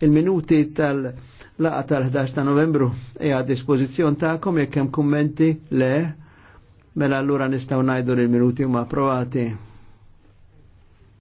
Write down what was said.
Il-minuti tal-laqa tal-11 ta' novembru e għad dispozizjon ta' jekk hemm kummenti le, mela allura nistgħu ngħidu il-minuti huma approvati.